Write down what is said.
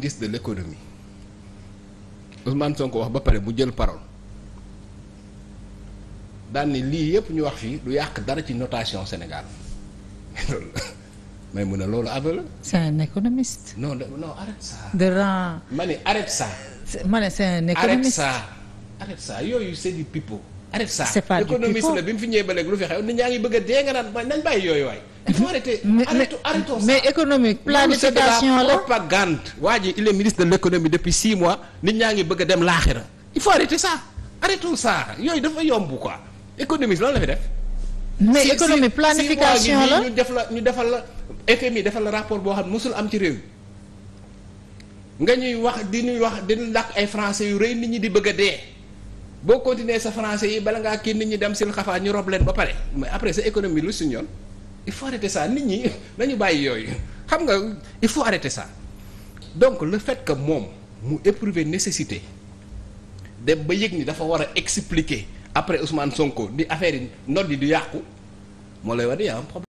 ministre de l'économie Ousmane ko wax ba pare mu jël parole daan ni lii yëpp ñu wax fii du yàq dara ci notation Sénégal loolu mais mu ne loolu aveu la. c'est un économiste. de rang ma ne arrête ça. ma ne c'est un économiste arrête ça. arrête ça yooyu c'est du pipeau. arrête ça c'est pas du pipeau la bi mu fi ñëwee lu fi xew nit ñaa ngi bëgg a dee nga naan nañ yooyu waay. il faut arrêter mais, arrêtons, arrêtons mais ça. économique planification la propagande waa ji il est ministre de l'économie depuis six mois nit ñaa ngi bëgg a dem laaxira il faut arrêter ça arrêtons ça yooyu dafa yomb quoi économie loolu la fi def mais si, économie si, planification la ñu def la ñu defal la FMI defal la rapport boo xam ne mosul am ci réew nga ñuy wax di ñuy wax di làkk ay français yu rëy nit ñi di bëgg a dee boo continuer sa français yi bala ngaa kii nit ñi dem sil xafaa ñu rob leen ba pare mais après sa économie lu suñu yoon il faut arrêter ça nit ñi nañu bàyyi yooyu xam nga il faut arrêter ça donc le fait que moom mu éprouver nécessité dem ba yëg ni dafa war a expliquer après Ousmane Sonko di affaire yi ndodd yi du yàqu moo lay wax di y problème